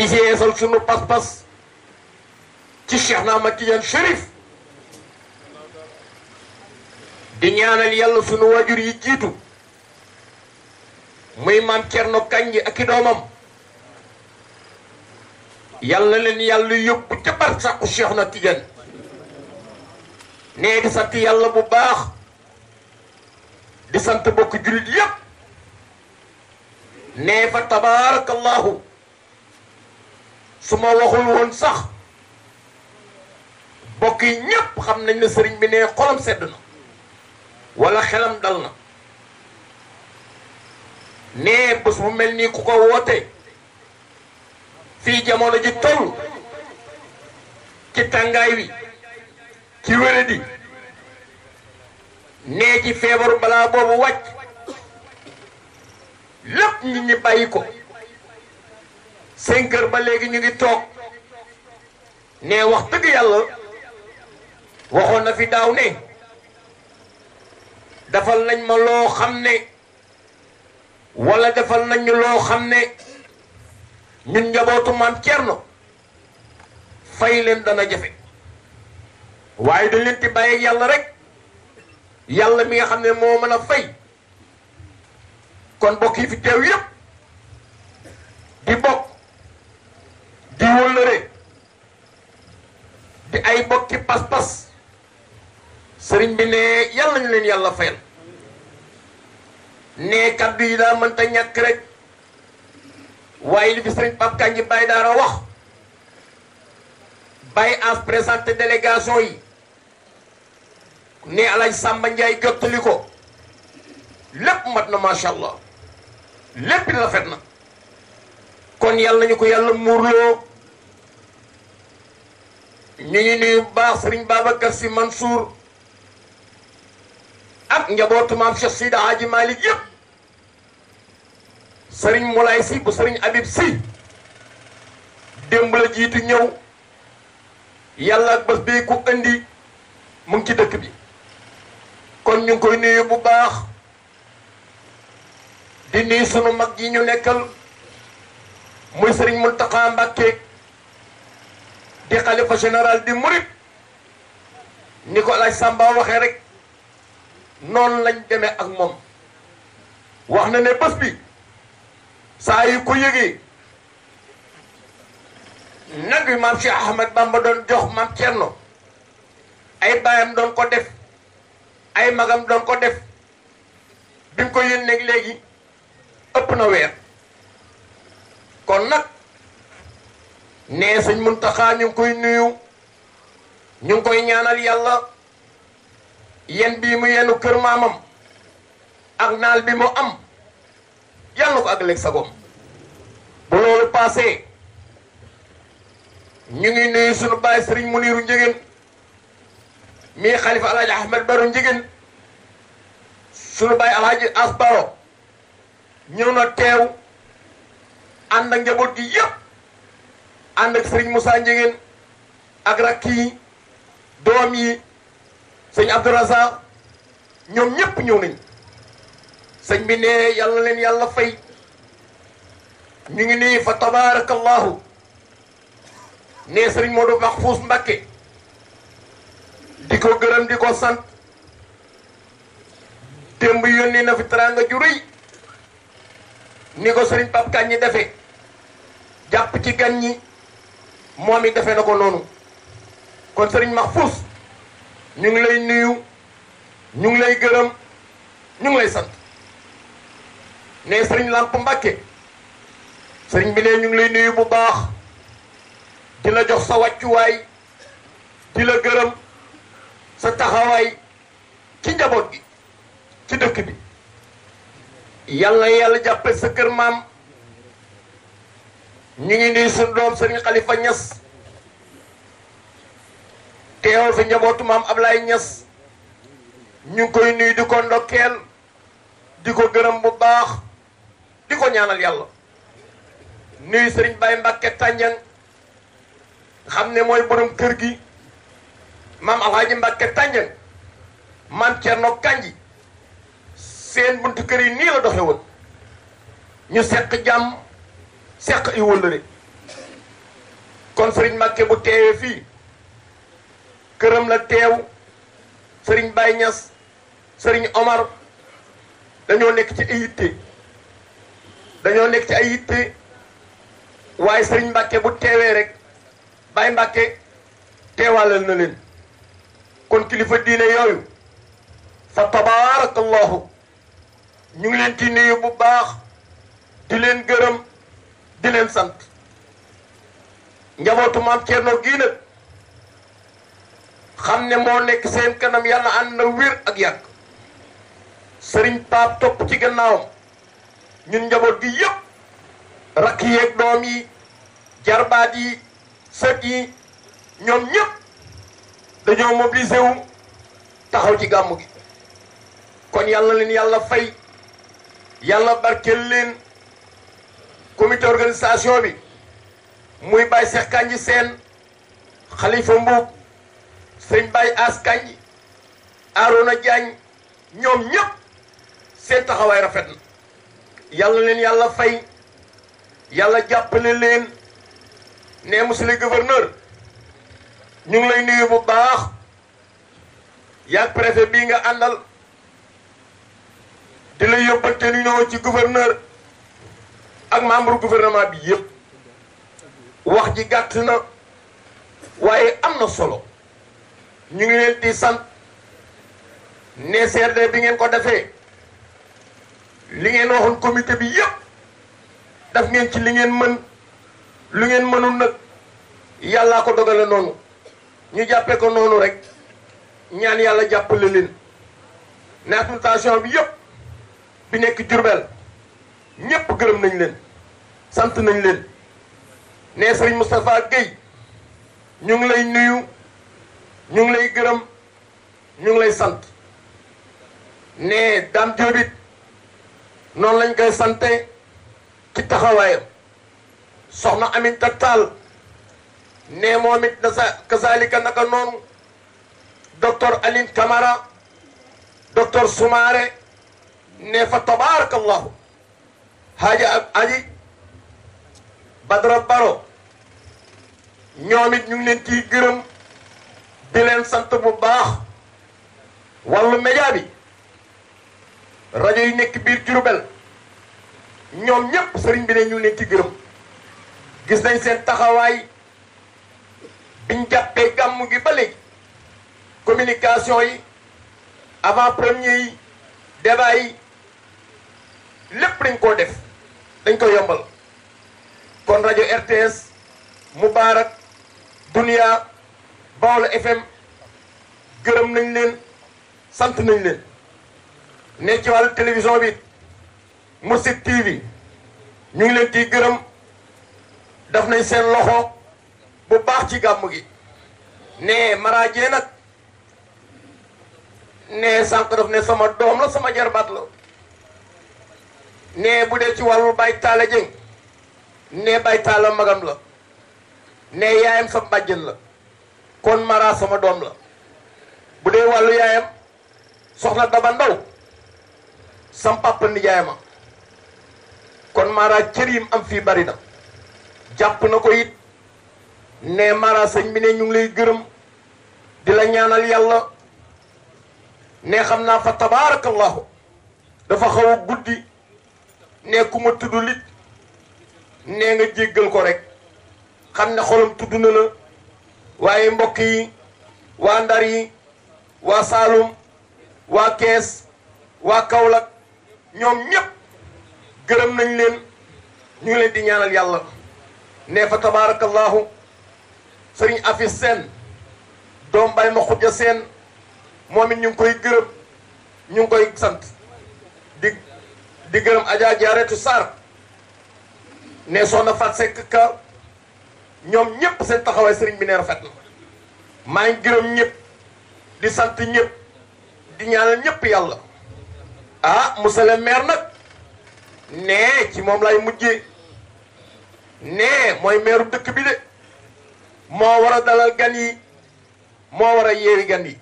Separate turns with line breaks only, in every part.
di yeesal sunu pas-pas ci Cheikh na Ahmad Tidiane Chérif di ñaanal yàlla sunu waajur yi jiitu muy maam Thierno Kandji ak i doomam yàlla leen yàlla yóbbu ca barsàqu Cheikh na Tidiane nee di sant yàlla bu baax di sant bokk jullit yépp nee fa tabaarakallaahu su ma waxul woon sax bokk yi ñépp xam nañ ne sëriñ bi ne xolam sedd na wala xelam dal na nee bés bu mel nii ku ko woote fii jamono ji toll ci tàngaay wi ci wéradi nee ci feebaru balaa boobu wàcc lépp nit ñi bàyyi ko cinq heures ba léegi ñu ngi toog ne wax dëgg yàlla waxoon na fi daaw ne defal nañ ma loo xam ne wala defal nañ ñu loo xam ne ñu njabootu maam Thierno fay leen dana jafe waaye dañ leen di bàyyi yàlla rek yàlla mi nga xam ne moo mën a fay kon bokk fi teew yépp di bokk. di wëllëre di ay bokki pas-pas sëriñ bi ne yàlla ñu leen yàlla fayal ne kaddu yi daa mënta ñàkk rek waaye li fi sëriñ Pape Kandji Baye Daara wax Baye as présenté délégation yi ne Alaaji Samba Ndiaye jottali ko lépp mat na macha allah lépp rafet na kon yàlla nañu ko yàlla muurloo ñu ngi nuyu bu baax sëriñ Babacar Sy Mansour ak njabootu maam Cheikh Seydi Hadji Malick yëpp sëriñ Moulay Sy bu sëriñ Habib Sy démb la jiitu ñëw yàlla ak bés bii ku indi mu ngi ci dëkk bi kon ñu koy nuyu bu baax di nuyu sunu mag yi ñu nekkal muy sëriñ Mountakha Mbacké di xalifa général di murit ni ko laaj Samba waxee rek noon lañ deme ak moom wax na ne bés bi saa yu ko yëgee nag wi maam Cheikh Ahmed Bamba doon jox maam Thierno ay baayam doon ko def ay magam doon ko def bi ko ko yónnee léegi ëpp na weer kon nag nee sëñ Muntaxa ñu ngi koy nuyu ñu ngi koy ñaanal yàlla yen bii mu yenu kër maamam ak naal bi mu am yàlla na ko àggaleeg sagom bu loolu passé ñu ngi nuyu sunu baay sëriñ Muniiru Njëgeen mii xalifa alaaji Ahmed Baro Njëgeen sunu baay alaaji As Baro ñëw na teew ànd ak njaboot gi ànd ak sëriñ Moussa Ndiéguène ak rakk yi doom yi sëñ Abdourazaq ñoom ñépp ñëw nañ sëñ bi ne yàlla leen yàlla fay ñu ngi nii fa tabarakallahu ne sëriñ Modou Mahfous Mbacké di ko gërëm di ko sant démb yónni na fi teraanga ju ni ko sëriñ Pape Kane ñi defe jàpp ci gan ñi moom it defee na ko noonu kon sëriñ Mahfous ñu ngi lay nuyu ñu ngi lay gërëm ñu ngi lay sant ne sëriñ Lamp Mbàkke sëriñ bi ne ñu ngi lay nuyu bu baax di la jox sa wàccuwaay di la gërëm sa taxawaay ci njaboot gi ci dëkk bi yàlla yàlla jàppale sa kër maam ñu ngi nuyu suñu doom sëriñ Khalifa Niass teewal fi njabootu maam Ablaye Niass ñu ngi koy nuyu di ko ndokkeel di ko gërëm bu baax di ko ñaanal yàlla nuyu sëriñ Baye Mbacke Tandiang xam ne mooy borom kër gi maam Alhaji Mbacke Tandiang maam Thierno seen buntu kër yi nii la doxe ñu seq jàmm. seq i wëllëre kon sëriñ Màkke bu teewee fii këram la teew sëriñ Baye Niass sëriñ Omar dañoo nekk ci ay yitte dañoo nekk ci ay yitte waaye sëriñ Màkke bu teewee rek Baye Màkke teewaalal na leen kon kilifa diine yooyu fa tabaarakallahu ñu ngi leen di nuyu bu baax di leen gërëm di leen sant njabootu maam Thierno gii xam ne moo nekk seen kanam yàlla ànd na wér ak yàgg sëriñ Pape topp ci gannaawam ñun njaboot gi yëpp rakk yeeg doom yi jarbaat yi sët yi ñoom ñëpp dañoo mobilisé wu taxaw ci gàmm gi kon yàlla leen yàlla fay yàlla barkeel leen. comité organisation bi muy Baye Cheikh Kandji seen xalifa Mbuub sëñ Baye As Kandji Arona Diagne ñoom ñëpp seen taxawaay rafet na yàlla leen yàlla fay yàlla jàppale leen ne monsieur le gouverneur ñu ngi lay nuyu bu baax yaag préfet bii nga àndal di lay yóbbante nuyoo ci gouverneur ak membre gouvernement bi yëpp wax ji gàtt na waaye am na solo ñu ngi leen di sant ne CRD bi ngeen ko defee li ngeen waxoon comité bi yëpp daf ngeen ci li ngeen mën lu ngeen mënul nag yàllaa ko dogale noonu ñu jàppee ko noonu rek ñaan yàlla jàppale leen ne administration bi yëpp bi nekk Jurbel ñépp gërëm nañ leen sant nañ leen nee sëriñ Moustapha Guèye ñu ngi lay nuyu ñu ngi lay gërëm ñu ngi lay sant ne Dame Diop it noonu lañ koy sante ci taxawaayam soxna Aminata Tall nee moom it na sa kazalika naka noonu docteur Aline Camara docteur Soumaré nee fa tabaarakallahu ak Aji Badara Baro ñoom it ñu ngi leen ciy gërëm di leen sant bu baax wàllu média bi rajo yi nekk biir Diourbel ñoom ñépp sëriñ bi ne ñu ngi leen ciy gërëm gis nañ seen taxawaay biñ jàppee gàmm gi ba léegi communication yi avant premier yi débat yi lépp lañ koo def dañ ko yombal kon rajo RTS Moubarak Dunia Baol FM gërëm nañ leen sant nañ leen ne ci wàllu télévision bi Mourchid TV ñu ngi leen ciy gërëm daf nañ seen loxo bu baax ci gàmm gi ne maraajee nag ne sànq daf ne sama doom la sama jarbaat la ne bu dee ci wàllu Baye Talla Dieng ne Baye Talla magam la ne yaayam sama bàjjen la kon Mara sama doom la bu dee wàllu yaayam soxna Daba Ndaw sam papa nijaayama kon Mara cër yim am fii bari na jàpp na ko it ne Mara sëñ bi ñu ngi lay gërëm di la ñaanal yàlla ne xam naa fa tabaarakallahu dafa xaw guddi ne ku tudd lit nee nga jéggal ko rek xam ne xolam tudd na la waaye mbokk yi waa Ndar yi waa Saalum waa Kees waa Kaolack ñoom ñépp gërëm nañ leen ñu ngi leen di ñaanal yàlla ne fa tabaarakallaahu sëriñ afis seen doom bay ma xujja seen moom it ñu koy gërëm ñu ngi koy sant di di gërëm Adja Jaaretu Sarr ne soxna Fatou Seck ka ñoom ñëpp seen taxawaay sëriñ bi ne rafet na maa ngi gërëm ñëpp di sant ñëpp di ñaanal ñëpp yàlla ah mu le maire nag nee ci moom lay mujjee nee mooy maire dëkk bi de moo war a dalal gan yi moo war a yeeri gan yi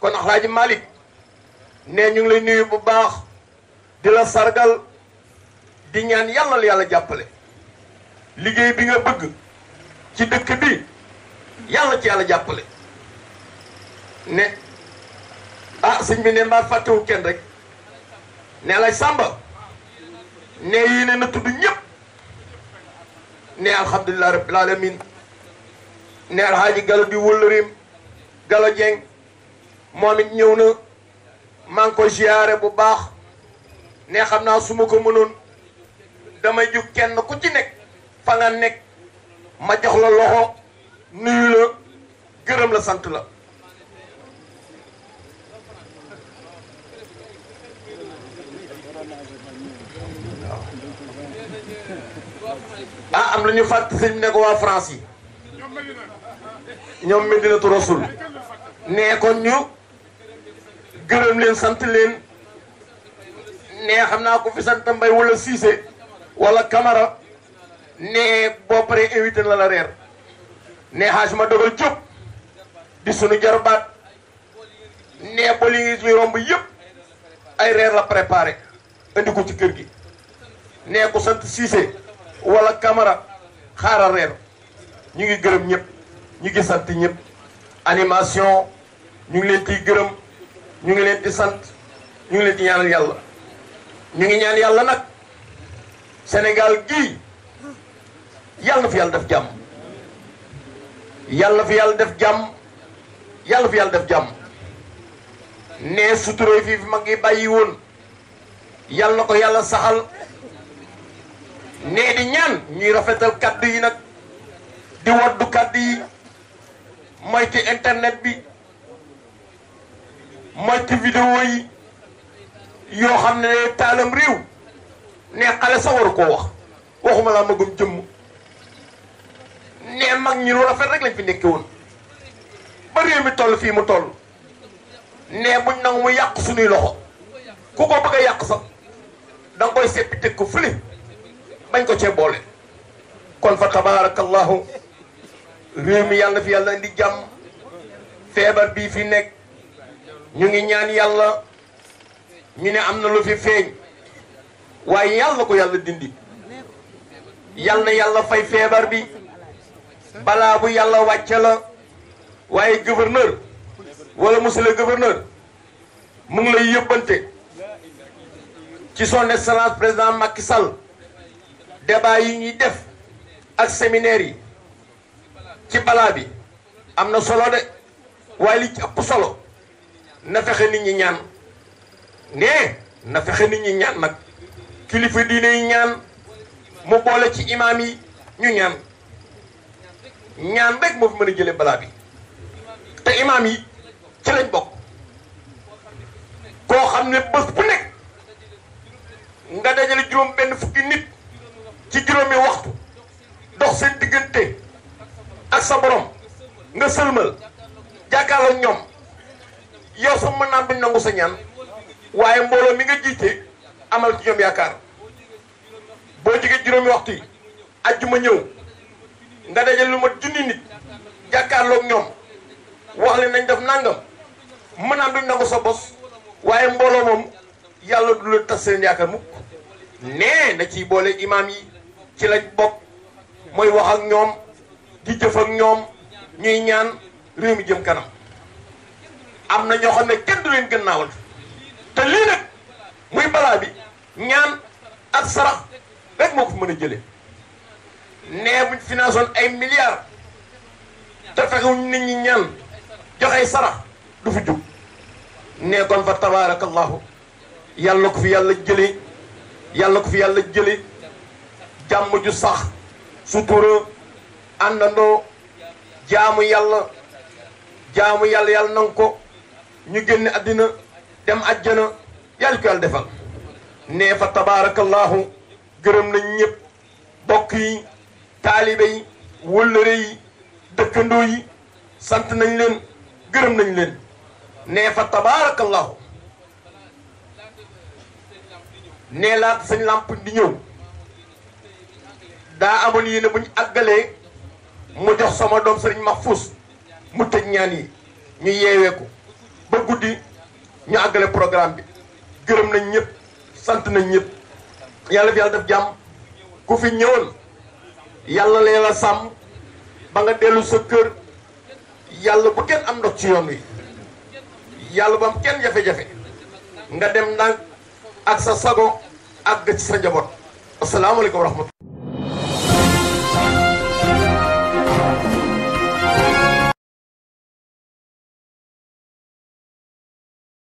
kon Alaaji Malick nee ñu ngi lay nuyu bu baax di la sargal di ñaan yàlla yàlla jàppale liggéey bi nga bëgg ci dëkk bi yàlla ci yàlla jàppale ne a ah, sëñ bi ne mbaa fàttewu kenn rek ne lay sàmba ne yéene na tudd ñëpp ne alhamdulilah rabbil alamin ne alhaaji galo di wëllërim galo jeng moom it ñëw na maa ko ziyaare bu baax ne xam naa suma ko mënoon damay jug kenn ku ci nekk fa nga nekk ma jox la loxo nuyu la gërëm la sant la ah am na ñu fàtt sëñ bi ne ko waa France yi
ñoom Medinatu Rasul
nee ko ñu gërëm leen sant leen ne xam naa ko fi sant Mbay wala Cissé wala kamara ne boo paree invité la la reer ne xaaj ma dogal jóg di sunu jarbaat ne ba li ngi romb yëpp ay reer la préparé indi ko ci kër gi ne ko sant Cissé wala Camara xaaral reer ñu ngi gërëm ñëpp ñu ngi sant ñëpp animation ñu ngi leen ciy gërëm ñu ngi leen di sant ñu ngi leen di ñaanal yàlla ñu ngi ñaan yàlla nag Sénégal gii yàlla na fi yàlla def jàmm yàlla fi yàlla def jàmm yàlla fi yàlla def jàmm ne suturé fii fi mag ngi bàyyi woon yàlla na ko yàlla saxal ne di ñaan ñuy rafetal kàddu yi nag di waddu kàddu yi moytu internet bi moytu vidéo yi yoo xam ne taalam réew ne xale sa waru koo wax waxuma magum jëmm ne mag ñi lu rafet rek lañ fi nekke woon ba réew mi toll fii mu toll ne buñ nangu mu yàq suñuy loxo ku ko bëgg a yàq sax danga koy seppi teg ko fële bañ ko cee boole kon fa tabarakallahu réew mi yàlla fi yàlla indi jàmm feebar bii fi nekk ñu ngi ñaan yàlla ñu ne am na lu fi feeñ waaye yàlla ko yàlla dindi yàlla na yàlla fay feebar bi balaa bu yàlla wàcce la waaye gouverneur wala monsieur le gouverneur mu ngi lay yëbbante ci son excellence président makki sal débat yi ñuy def ak séminaire yi ci balaa bi am na solo de waaye li ci ëpp solo na fexe nit ñi ñaan ne na fexe nit ñi ñaan nag kilifa diine yi ñaan mu boole ci imaam yi ñu ñaan ñaan rek moo fi mën a jëlee balaa bi te imaam yi ci lañ bokk koo xam ne bés bu nekk nga dajale juróom benn fukki nit ci juróomi waxtu dox seen diggante ak sa borom nga sëlmal jàkkaarloo ñoom yow sa mën naa duñ sa ñaan waaye mbooloo mi nga jiite amal ci ñoom yaakaar boo jegee juróomi waxtu yi ajjuma ñëw nga dajal lu ma junni nit jàkkaarloog ñoom wax leen nañ def nangam mën naa duñ nangu sa bos waaye mbooloo moom yàlla du la tas seen yaakaar mukk nee na ciy boole imaam yi ci la bokk mooy wax ak ñoom di jëf ak ñoom ñuy ñaan réew mi jëm kanam am na ñoo xam ne kenn du leen gënnaawal te lii muy balaa bi ñaan ak sarax rek moo ko mën a jëlee nee buñ ay milliards te fexewuñ nit ñi ñaan joxey sarax du fi jug nee kon fa tabaarakallahu yàlla ko fi yàlla jëlee yàlla ko fi yàlla jëlee jàmm ju sax sutura àndandoo jaamu yàlla jamu yàlla yàlla nanga ko ñu génn àddina dem ajjana yàlla ko yàlla defal nee fa tabaarakallaahu gërëm nañ ñëpp bokk yi taalibe yi wëllëre yi dëkkandoo yi sant nañ leen gërëm nañ leen nee fa tabaarakallaahu nee laata sañ làmp di ñëw daa amoon yéene bu ñu àggalee mu jox sama doom sëriñ Mahfous mu tëj ñaan yi ñu yeewee ko ba guddi ñu àggale programme bi gërëm nañ ñëpp sant nañ ñëpp yàlla bi yàlla def jàmm ku fi ñëwoon yàlla lee la sàmm ba nga dellu sa kër yàlla bu kenn am ndox ci yoon wi yàlla bu am kenn jafe-jafe nga dem ndànk ak sa sago àgg ci sa njaboot asalaamaaleykum wa rahmatulah